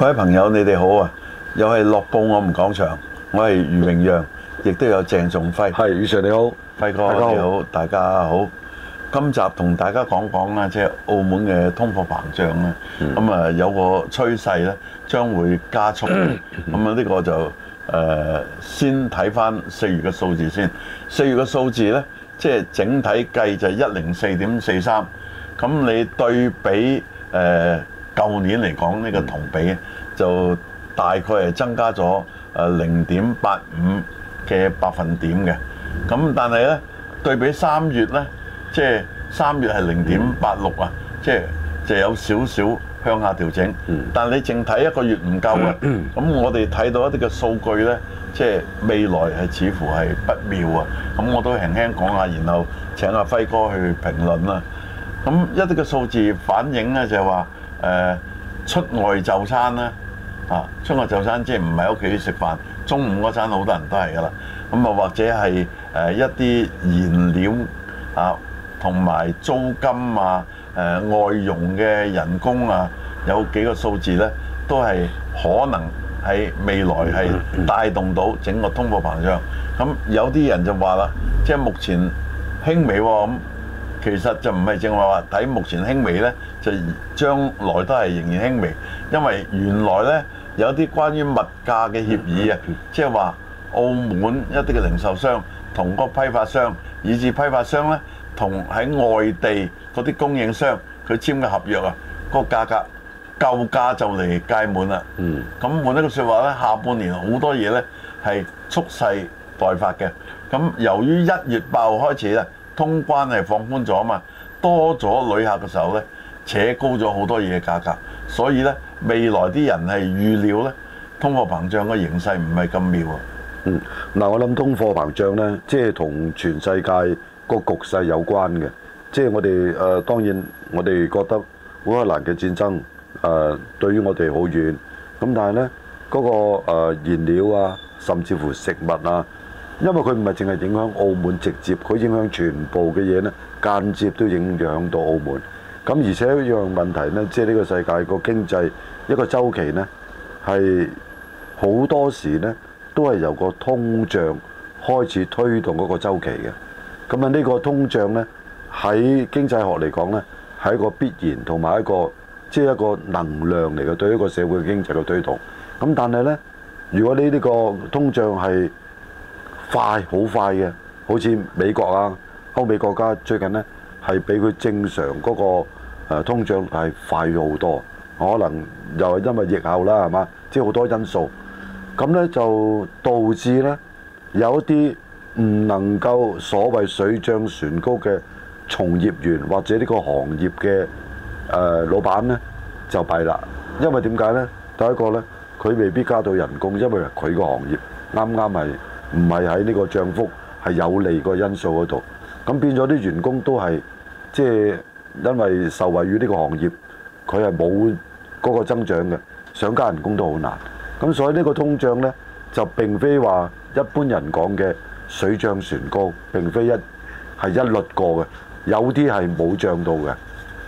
各位朋友，你哋好啊！又係《樂報我唔講場，我係余榮讓，亦都有鄭仲輝。係，余 Sir，你好，輝哥 Hi. 你好，大家好。今集同大家講講啊，即係澳門嘅通貨膨脹咧。咁啊、嗯，有個趨勢咧，將會加速。咁啊、嗯，呢個就誒、呃，先睇翻四月嘅數字先。四月嘅數字咧，即係整體計就係一零四點四三。咁你對比誒？呃嗯舊年嚟講，呢個同比就大概係增加咗誒零點八五嘅百分點嘅。咁但係呢，對比三月呢，即係三月係零點八六啊，即係就有少少向下調整。嗯。但係你淨睇一個月唔夠啊。嗯。咁我哋睇到一啲嘅數據呢，即係未來係似乎係不妙啊。咁我都輕輕講下，然後請阿輝哥去評論啦。咁一啲嘅數字反映呢就係話。誒、呃、出外就餐呢？啊出外就餐，啊外就餐啊、即係唔喺屋企食飯，中午嗰餐好多人都係噶啦，咁啊或者係誒、呃、一啲燃料啊，同埋租金啊，誒、呃、外傭嘅人工啊，有幾個數字呢都係可能喺未來係帶動到整個通貨膨脹，咁、啊嗯、有啲人就話啦、啊，即係目前輕微喎、哦、咁。嗯其實就唔係正話話睇目前輕微咧，就將來都係仍然輕微，因為原來咧有啲關於物價嘅協議啊，即係話澳門一啲嘅零售商同個批發商，以至批發商咧同喺外地嗰啲供應商佢簽嘅合約啊，個價格夠價就嚟屆滿啦。嗯，咁換一個説話咧，下半年好多嘢咧係蓄勢待發嘅。咁由於一月八號開始咧。通關係放寬咗嘛，多咗旅客嘅時候呢，扯高咗好多嘢嘅價格，所以呢未來啲人係預料呢通貨膨脹嘅形勢唔係咁妙啊。嗯，嗱我諗通貨膨脹呢，即係同全世界個局勢有關嘅，即係我哋誒當然我哋覺得烏克蘭嘅戰爭誒對於我哋好遠，咁但係呢嗰個誒燃料啊，甚至乎食物啊。因為佢唔係淨係影響澳門直接，佢影響全部嘅嘢呢，間接都影響到澳門。咁而且一樣問題呢，即係呢個世界個經濟一個周期呢，係好多時呢都係由個通脹開始推動嗰個週期嘅。咁啊，呢個通脹呢，喺經濟學嚟講呢，係一個必然同埋一個即係、就是、一個能量嚟嘅，對一個社會經濟嘅推動。咁但係呢，如果你呢個通脹係快好快嘅，好似美國啊、歐美國家最近呢，係比佢正常嗰個，呃、通脹係快咗好多。可能又係因為疫後啦，係嘛，即係好多因素。咁呢，就導致呢，有一啲唔能夠所謂水漲船高嘅從業員或者呢個行業嘅、誒、呃、老闆呢，就弊啦。因為點解呢？第一個呢，佢未必加到人工，因為佢個行業啱啱係，剛剛唔係喺呢個漲幅係有利個因素嗰度，咁變咗啲員工都係，即係因為受惠於呢個行業，佢係冇嗰個增長嘅，想加人工都好難，咁所以呢個通脹咧就並非話一般人講嘅水漲船高，並非一係一律過嘅，有啲係冇漲到嘅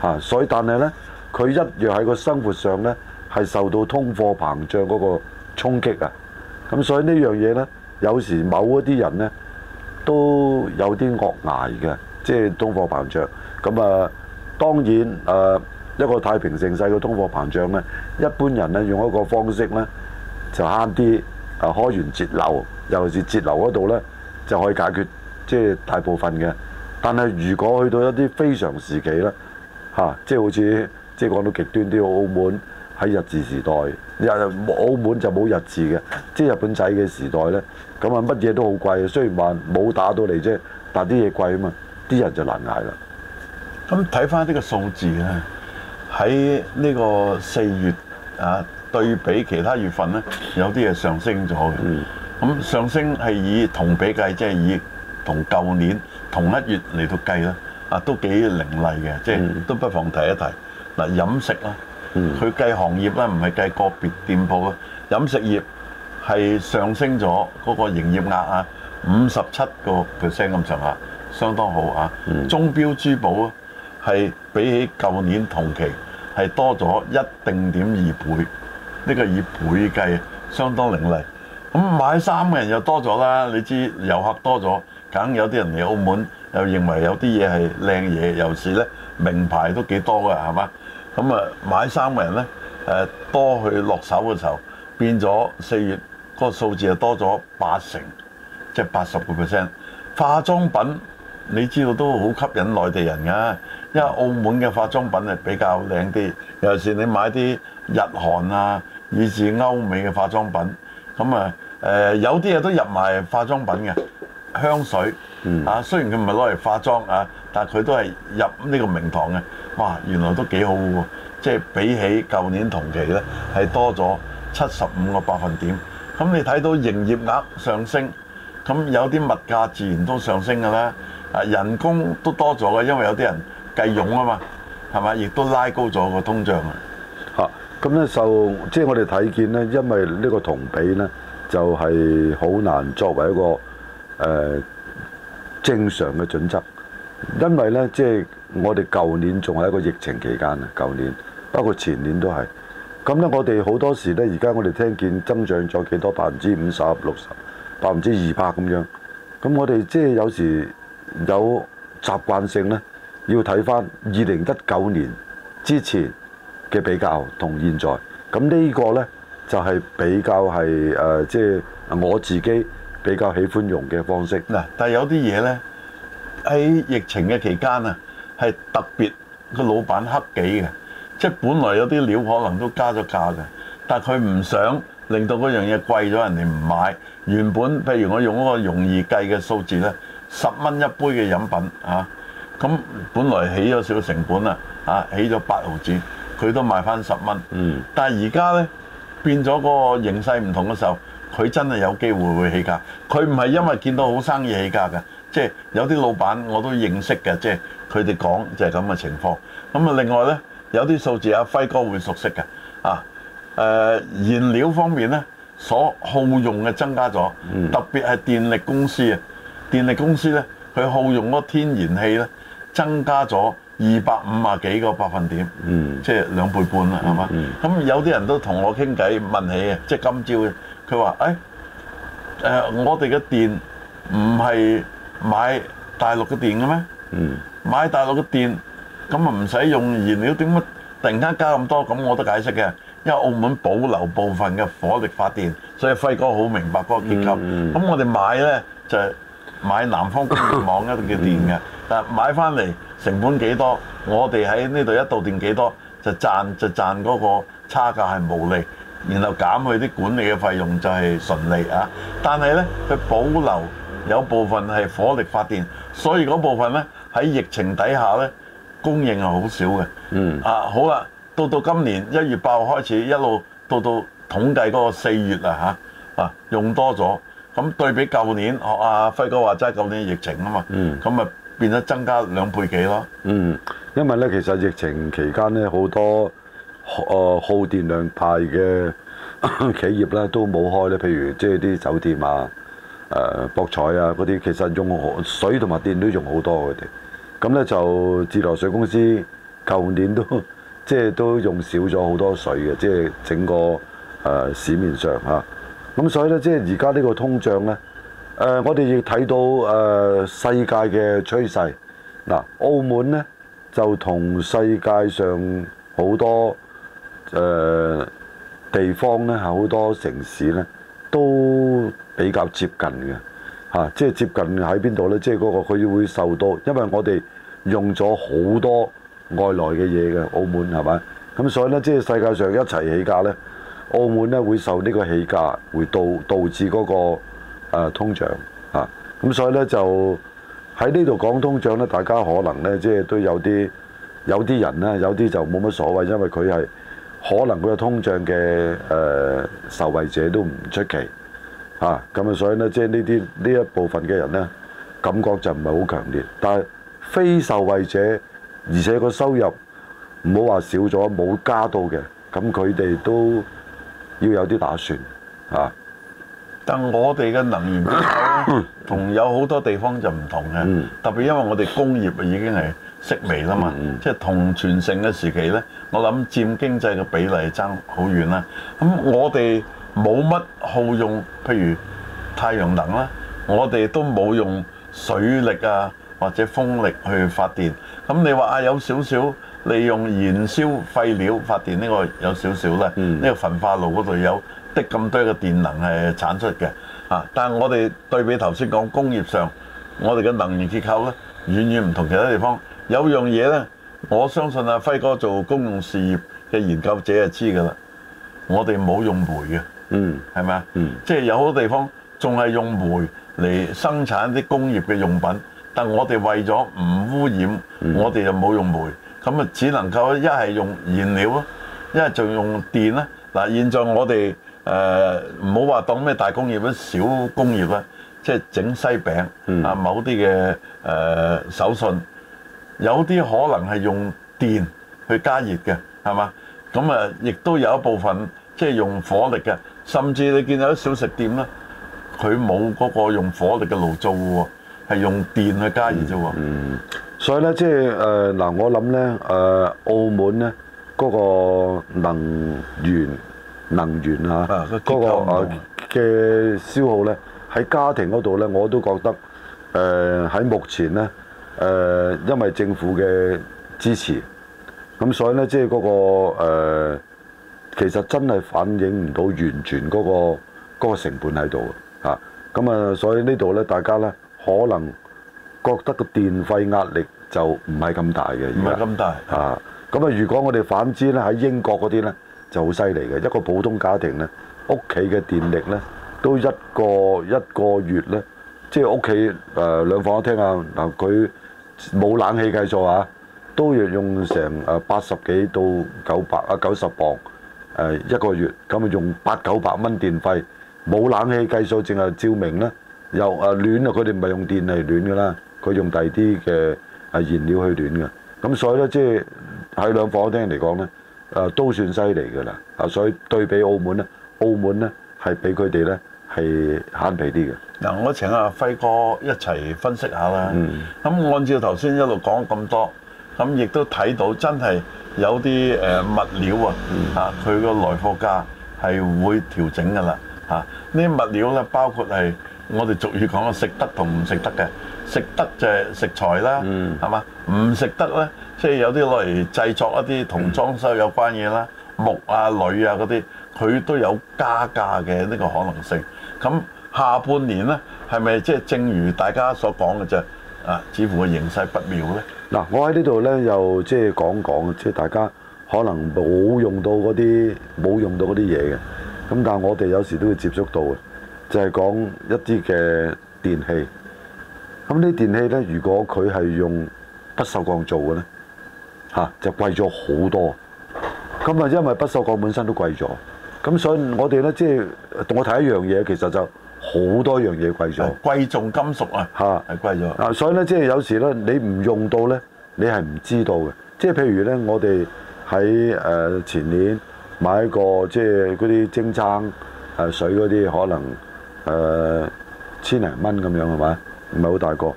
吓、啊，所以但係咧，佢一樣喺個生活上咧係受到通貨膨脹嗰個衝擊啊。咁所以呢樣嘢咧。有時某一啲人呢都有啲惡挨嘅，即係通貨膨脹。咁啊，當然誒、啊、一個太平盛世嘅通貨膨脹呢，一般人呢用一個方式呢，就慳啲，誒、啊、開源節流，尤其是節流嗰度呢，就可以解決，即係大部分嘅。但係如果去到一啲非常時期呢，嚇、啊，即係好似即係講到極端啲澳門喺日治時代，日澳門就冇日治嘅，即係日本仔嘅時代咧，咁啊乜嘢都好貴嘅。雖然話冇打到嚟啫，但啲嘢貴啊嘛，啲人就難捱啦。咁睇翻呢個數字咧，喺呢個四月啊，對比其他月份咧，有啲嘢上升咗嘅。咁、嗯、上升係以同比計，即、就、係、是、以同舊年同一月嚟到計啦，啊都幾凌厲嘅，即係、嗯、都不妨提一提嗱飲食啦。佢、嗯、計行業咧，唔係計個別店鋪啊！飲食業係上升咗嗰，那個營業額啊，五十七個 percent 咁上下，相當好啊！鐘錶、嗯、珠寶啊，係比起舊年同期係多咗一定點二倍。呢、這個以倍計相當凌厲。咁買衫嘅人又多咗啦，你知遊客多咗，梗有啲人嚟澳門又認為有啲嘢係靚嘢，尤其呢，名牌都幾多噶，係嘛？咁啊，買衫嘅人咧，誒多去落手嘅時候，變咗四月嗰個數字啊，多咗八成，即係八十個 percent。化妝品你知道都好吸引內地人㗎，因為澳門嘅化妝品係比較靚啲。尤其是你買啲日韓啊，以至歐美嘅化妝品，咁啊誒有啲嘢都入埋化妝品嘅香水啊，雖然佢唔係攞嚟化妝啊，但係佢都係入呢個名堂嘅。哇，原來都幾好喎！即係比起舊年同期咧，係多咗七十五個百分點。咁你睇到營業額上升，咁有啲物價自然都上升嘅啦。啊，人工都多咗嘅，因為有啲人計傭啊嘛，係咪？亦都拉高咗個通脹啊。嚇！咁咧就即係我哋睇見咧，因為呢個同比咧就係、是、好難作為一個誒、呃、正常嘅準則，因為咧即係。我哋舊年仲係一個疫情期間啊！舊年，包括前年都係咁咧。我哋好多時咧，而家我哋聽見增長咗幾多百分之五十、六十、百分之二百咁樣。咁我哋即係有時有習慣性咧，要睇翻二零一九年之前嘅比較同現在。咁呢個咧就係、係、比較係誒，即、呃、係、就係、我自己比較喜歡用嘅方式嗱。但係有啲嘢咧喺疫情嘅期間啊！係特別個老闆黑幾嘅，即係本來有啲料可能都加咗價嘅，但係佢唔想令到嗰樣嘢貴咗，人哋唔買。原本譬如我用一個容易計嘅數字呢，十蚊一杯嘅飲品啊，咁本來起咗少成本啊，啊起咗八毫子，佢都賣翻十蚊。嗯，但係而家呢，變咗個形勢唔同嘅時候，佢真係有機會會起價。佢唔係因為見到好生意起價㗎，即係有啲老闆我都認識嘅，即係。佢哋講就係咁嘅情況。咁啊，另外呢，有啲數字阿、啊、輝哥會熟悉嘅啊。誒、呃，燃料方面呢，所耗用嘅增加咗，嗯、特別係電力公司啊。電力公司呢，佢耗用嗰天然氣呢，增加咗二百五十幾個百分點，嗯、即係兩倍半啦，係嘛、嗯？咁有啲人都同我傾偈問起啊，即係今朝佢話：誒、哎呃、我哋嘅電唔係買大陸嘅電嘅咩？嗯，買大陸嘅電，咁啊唔使用燃料，點解突然間加咁多？咁我都解釋嘅，因為澳門保留部分嘅火力發電，所以輝哥好明白嗰個結構。咁、嗯、我哋買呢，就是、買南方電網嗰度嘅電嘅，嗯、但係買翻嚟成本幾多，我哋喺呢度一度電幾多就賺就賺嗰個差價係毛利，然後減去啲管理嘅費用就係純利啊。但係呢，佢保留有部分係火力發電，所以嗰部分呢。喺疫情底下咧，供應係好少嘅。嗯啊，好啦，到到今年一月八號開始，一路到到統計嗰個四月啊嚇啊，用多咗。咁對比舊年，我、啊、阿輝哥話齋舊年疫情啊嘛。嗯。咁啊變咗增加兩倍幾咯。嗯，因為咧其實疫情期間咧好多誒、呃、耗電量派嘅 企業咧都冇開咧，譬如即係啲酒店啊、誒、呃、博彩啊嗰啲，其實用水同埋電都用好多佢哋。咁咧就自來水公司舊年都即係都用少咗好多水嘅，即係整個誒、呃、市面上嚇。咁、啊、所以咧，即係而家呢個通脹咧，誒、呃、我哋要睇到誒、呃、世界嘅趨勢。嗱、呃，澳門咧就同世界上好多誒、呃、地方咧，係好多城市咧都比較接近嘅。嚇、啊，即係接近喺邊度呢？即係嗰個佢會受到，因為我哋用咗好多外來嘅嘢嘅，澳門係咪？咁所以呢，即係世界上一齊起，起價呢，澳門呢會受呢個起價，會導導致嗰、那個、啊、通脹嚇。咁、啊、所以呢，就喺呢度講通脹呢，大家可能呢，即係都有啲有啲人呢，有啲就冇乜所謂，因為佢係可能佢係通脹嘅誒、呃、受惠者都唔出奇。啊，咁啊，所以咧，即係呢啲呢一部分嘅人咧，感覺就唔係好強烈。但係非受惠者，而且個收入唔好話少咗，冇加到嘅，咁佢哋都要有啲打算啊。但我哋嘅能源同有好多地方就唔同嘅，嗯、特別因為我哋工業已經係式微啦嘛，嗯、即係同全盛嘅時期咧，我諗佔經濟嘅比例爭好遠啦。咁我哋。冇乜好用，譬如太陽能啦，我哋都冇用水力啊或者風力去發電。咁你話啊，有少少利用燃燒廢料發電呢、呢個有少少啦。呢、嗯、個焚化爐嗰度有的咁多嘅電能係產出嘅。嚇、啊！但係我哋對比頭先講工業上，我哋嘅能源結構咧，遠遠唔同其他地方。有樣嘢咧，我相信阿、啊、輝哥做公用事業嘅研究者就知㗎啦。我哋冇用煤嘅。嗯，係咪啊？嗯，即係有好多地方仲係用煤嚟生產啲工業嘅用品，但我哋為咗唔污染，嗯、我哋就冇用煤，咁啊只能夠一係用燃料咯，一係就用電啦。嗱，現在我哋誒唔好話當咩大工業啦，小工業啦，即係整西餅啊，嗯、某啲嘅誒手信，有啲可能係用電去加熱嘅，係嘛？咁啊，亦都有一部分即係、就是、用火力嘅。甚至你見到啲小食店咧，佢冇嗰個用火力嘅爐灶喎，係用電去加熱啫喎、嗯。嗯。所以咧、即係，即係誒嗱，我諗咧誒澳門咧嗰、嗰個能源能源啊，嗰、啊啊嗰個嘅、啊啊、消耗咧喺家庭嗰度咧，我都覺得誒喺、呃、目前咧誒、呃，因為政府嘅支持，咁所以咧即係嗰個、呃其實真係反映唔到完全嗰個嗰個成本喺度㗎嚇，咁啊，所以呢度呢，大家呢可能覺得個電費壓力就唔係咁大嘅，唔係咁大嚇。咁啊，如果我哋反之呢，喺英國嗰啲呢就好犀利嘅，一個普通家庭呢，屋企嘅電力呢都一個一個月呢，即係屋企誒兩房一廳啊嗱，佢冇冷氣計數啊，都要用成誒八十幾到九百啊九十磅。誒一個月咁啊，用八九百蚊電費，冇冷氣計數，淨係照明咧，又誒暖啊！佢哋唔係用電嚟暖嘅啦，佢用第二啲嘅誒燃料去暖嘅。咁所以咧，即係喺兩房一廳嚟講咧，誒都算犀利嘅啦。啊，所以對比澳門咧，澳門咧係比佢哋咧係慳皮啲嘅。嗱，我請阿輝哥一齊分析下啦。咁、嗯、按照頭先一路講咁多。咁亦都睇到真係有啲誒物料、嗯、啊，嚇佢個來貨價係會調整噶啦，嚇呢啲物料咧，包括係我哋俗語講嘅食得同唔食得嘅，食得就係食材啦，係嘛、嗯？唔食得咧，即、就、係、是、有啲攞嚟製作一啲同裝修有關嘢啦，嗯、木啊、鋁啊嗰啲，佢都有加價嘅呢個可能性。咁、啊、下半年咧，係咪即係正如大家所講嘅就？啊！似乎個形勢不妙咧。嗱，我喺呢度咧又即係講講，即係大家可能冇用到嗰啲冇用到嗰啲嘢嘅。咁但係我哋有時都會接觸到嘅，就係講一啲嘅電器。咁啲電器咧，如果佢係用不鏽鋼做嘅咧，吓就貴咗好多。咁啊，因為不鏽鋼本身都貴咗。咁所以，我哋咧即係同我睇一樣嘢，其實就。好多樣嘢貴咗，貴重金屬啊，嚇是，係貴咗。嗱、啊，所以咧，即係有時咧，你唔用到咧，你係唔知道嘅。即係譬如咧，我哋喺誒前年買一個即係嗰啲蒸罉誒水嗰啲，可能誒千零蚊咁樣係咪？唔係好大個。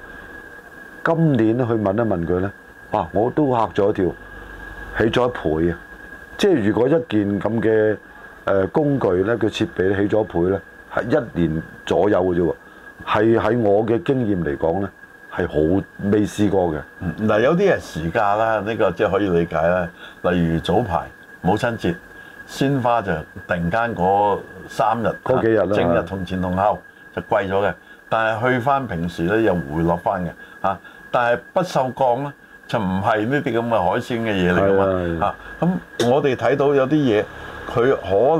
今年去問一問佢咧，哇、啊！我都嚇咗一跳，起咗一倍啊！即係如果一件咁嘅誒工具咧，個設備起咗一倍咧。一年左右嘅啫喎，係喺我嘅經驗嚟講咧，係好未試過嘅、嗯。嗱，有啲係時價啦，呢、呢個即係可以理解啦。例如早排母親節，鮮花就突然間嗰三日嗰幾日啦，啊、正日同前同後就貴咗嘅。但係去翻平時咧又回落翻嘅嚇。但係不鏽鋼咧就唔係呢啲咁嘅海鮮嘅嘢嚟嘅嘛嚇。咁我哋睇到有啲嘢佢可能。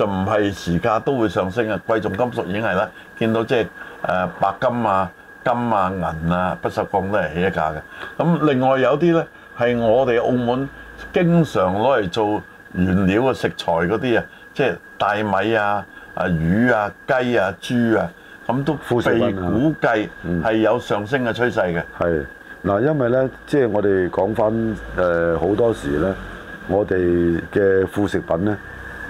就唔係時價都會上升嘅，貴重金屬已經係啦，見到即係誒白金啊、金啊、銀啊、不鏽鋼都係起一價嘅。咁、嗯、另外有啲咧係我哋澳門經常攞嚟做原料嘅食材嗰啲啊，即係大米啊、啊魚啊、雞啊、豬啊，咁、啊、都富被估計係有上升嘅趨勢嘅。係嗱、啊嗯，因為咧，即、就、係、是、我哋講翻誒好多時咧，我哋嘅副食品咧。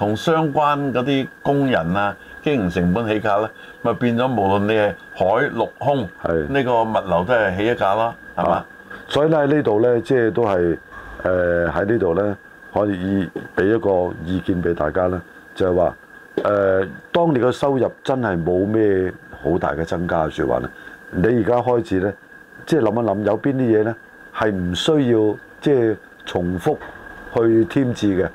同相關嗰啲工人啊，經營成本起價咧，咪變咗無論你係海陸空，呢是的 個物流都係起一價啦，係嘛的吧、啊？所以咧呢度咧，即、就、係、是、都係誒喺呢度咧，可以俾一個意見俾大家咧，就係話誒，當你個收入真係冇咩好大嘅增加嘅説話咧，你而家開始咧，即係諗一諗有邊啲嘢咧係唔需要即係、就是、重複去添置嘅。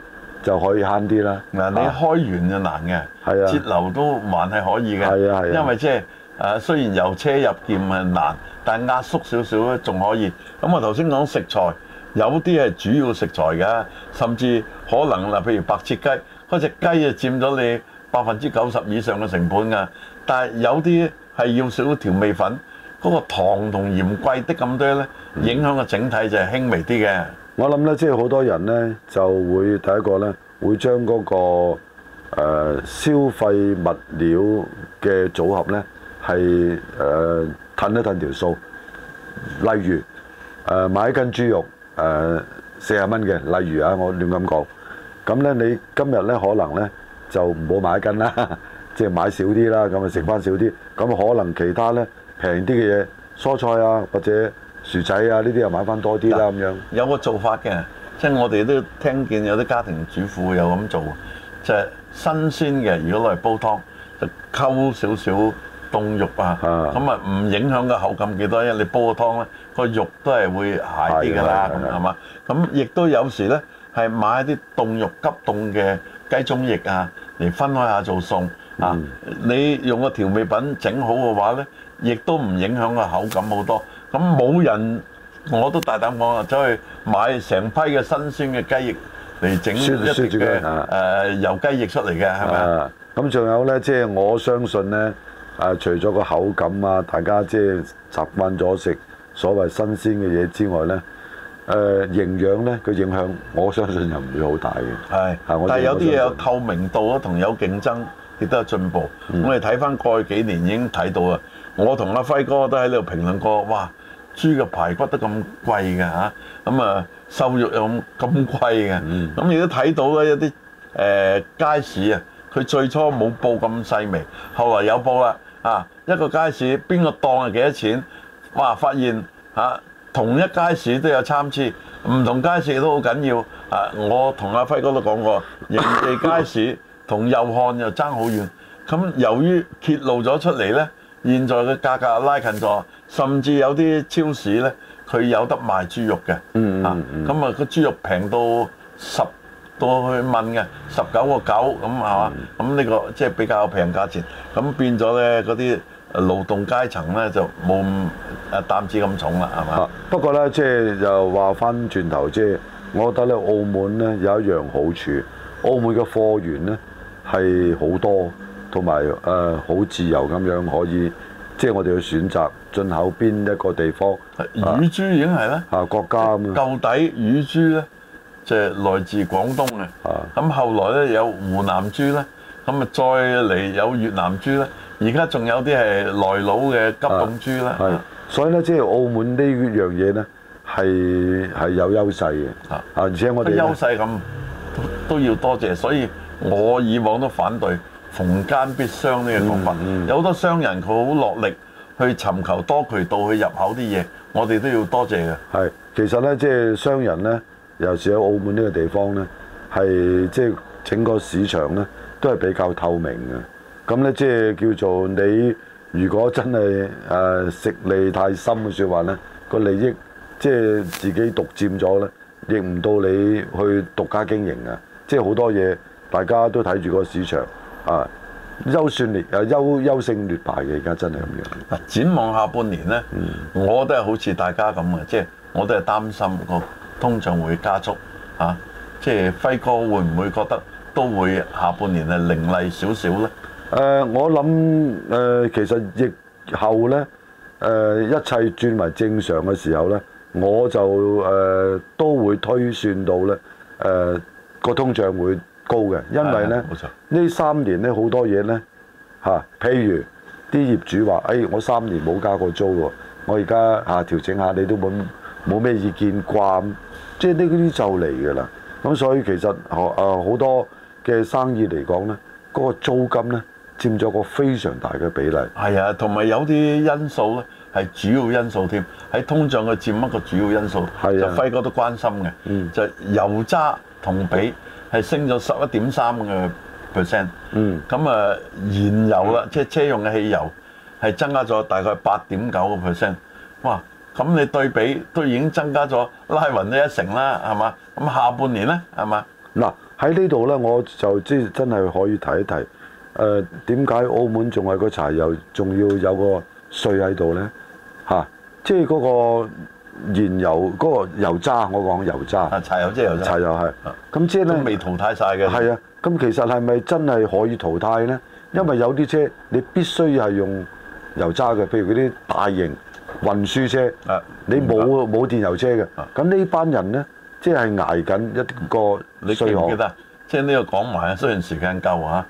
就可以慳啲啦。嗱，你開源就難嘅，啊、節流都還係可以嘅。係啊的，係啊。因為即係誒、呃，雖然由奢入儉係難，但係壓縮少少咧，仲可以。咁我頭先講食材，有啲係主要食材嘅，甚至可能嗱，譬如白切雞，嗰隻雞啊佔咗你百分之九十以上嘅成本㗎。但係有啲係要少少調味粉，嗰、嗰個糖同鹽貴啲咁多咧，影響嘅整體就係輕微啲嘅。我諗咧，即係好多人咧就會第一個咧，會將嗰個誒消費物料嘅組合咧係誒褪一褪條數。例如誒買一斤豬肉誒四十蚊嘅，例如啊，我亂咁講。咁咧你今日咧可能咧就唔好買一斤啦， 即係買少啲啦，咁啊食翻少啲。咁可能其他咧平啲嘅嘢，蔬菜啊或者，薯仔啊，呢啲又買翻多啲啦，咁樣有個做法嘅，即係我哋都聽見有啲家庭主婦有咁做，就係新鮮嘅。如果攞嚟煲湯，就溝少少凍肉啊，咁啊唔影響個口感幾多？因為你煲個湯咧，個肉都係會鹹啲㗎啦，係嘛？咁亦都有時咧係買一啲凍肉急凍嘅雞中翼啊，嚟分開下做餸啊。啊，嗯，你用個調味品整好嘅話咧，亦都唔影響個口感好多。咁冇人，我都大膽講啊，走去買成批嘅新鮮嘅雞翼嚟整一啲嘅誒油雞翼出嚟嘅，係咪酸？咁仲、嗯嗯、有咧，即、就、係、是、我相信咧，誒、啊、除咗個口感啊，大家即係習慣咗食所謂新鮮嘅嘢之外咧，誒、啊、營養咧佢影響，我相信又唔會好大嘅。係是，但係有啲嘢有透明度啊，同有競爭亦都有進步。嗯、我哋睇翻過去幾年已經睇到啊，我同阿輝哥都喺度評論過，哇！豬嘅排骨都咁貴㗎吓，咁啊瘦肉又咁貴嘅，咁你都睇到啦，一啲誒街市啊，佢最初冇報咁細微，後來有報啦，啊一個街市邊個檔係幾多錢，哇、啊、發現嚇、啊、同一街市都有參差，唔同街市都好緊要啊！我同阿輝哥都講過，營地街市同祐漢又爭好遠，咁、啊、由於揭露咗出嚟呢。現在嘅價格拉近咗，甚至有啲超市呢，佢有得賣豬肉嘅，嚇咁、嗯嗯、啊個豬肉平到十到去問嘅十九個九咁係嘛，咁呢個即係比較平價錢，咁變咗呢嗰啲勞動階層呢，就冇誒擔子咁重啦，係嘛、啊？不過呢，即、就、係、是、又話翻轉頭，即係我覺得呢澳門呢，有一樣好處，澳門嘅貨源呢，係好多。同埋誒好自由咁樣可以，即係我哋去選擇進口邊一個地方。乳豬已經係咧嚇國家咁。到底乳豬咧，即係來自廣東嘅。啊，咁後來咧有湖南豬咧，咁啊再嚟有越南豬咧，而家仲有啲係內陸嘅急凍豬啦。係，啊，所以咧即係澳門呢樣嘢咧係係有優勢嘅。啊啊，而且我哋優勢咁都要多謝謝，所以我以往都反對。逢奸必商呢個國民，嗯、有好多商人佢好落力去尋求多渠道去入口啲嘢，我哋都要多謝嘅。係，其實呢，即、就、係、是、商人呢，尤其喺澳門呢個地方呢，係即係整個市場呢，都係比較透明嘅。咁呢，即、就、係、是、叫做你，如果真係誒、呃、食利太深嘅説話呢，個利益即係、就是、自己獨佔咗呢，亦唔到你去獨家經營啊。即係好多嘢，大家都睇住個市場。啊，優、啊、勝劣啊，優優勝劣敗嘅而家真係咁樣。展望下半年呢，嗯、我都係好似大家咁嘅，即、就、係、是、我都係擔心個通脹會加速嚇，即、啊、係、就是、輝哥會唔會覺得都會下半年係凌厲少少呢？誒、呃，我諗誒、呃，其實疫後呢，誒、呃，一切轉為正常嘅時候呢，我就誒、呃、都會推算到呢誒個、呃、通脹會高嘅，因為咧呢三年咧好多嘢咧嚇，譬如啲業主話：誒，我三年冇加過租喎，我而家啊調整下，你都冇冇咩意見啩？即係呢啲就嚟嘅啦。咁所以其實哦誒好多嘅生意嚟講咧，嗰個租金咧佔咗個非常大嘅比例。係啊，同埋有啲因素咧係主要因素添，喺通脹嘅佔一個主要因素。係啊，輝哥都關心嘅，嗯，就油渣同比。係升咗十一點三個 percent，嗯，咁啊，燃油啦，即係車用嘅汽油係增加咗大概八點九個 percent，哇，咁你對比都已經增加咗拉勻呢一成啦，係嘛？咁下半年咧係嘛？嗱喺呢度咧，我就即係真係可以提一提，誒點解澳門仲係個柴油仲要有個稅喺度咧？嚇，即係嗰個。燃油嗰、那個油渣，我講油渣，啊、柴油即係油渣，柴油係，咁車、啊、都未淘汰晒嘅，係啊，咁其實係咪真係可以淘汰咧？因為有啲車你必須係用油渣嘅，譬如嗰啲大型運輸車，你冇冇、啊、電油車嘅，咁呢班人咧即係捱緊一個，你記唔記得即係呢個講埋啊，雖然時間夠啊，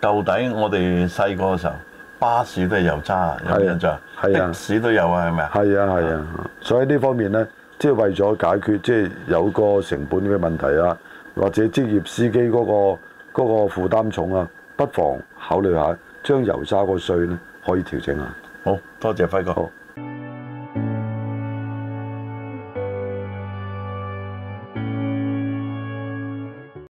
舊底我哋細個時候。巴士都係油渣，有冇印象？啊、的士都有啊。係咪係啊係啊，啊啊所以呢方面咧，即係為咗解決即係有個成本嘅問題啊，或者職業司機嗰個嗰個負擔重啊，不妨考慮下將油渣個稅咧可以調整下。好多謝輝哥。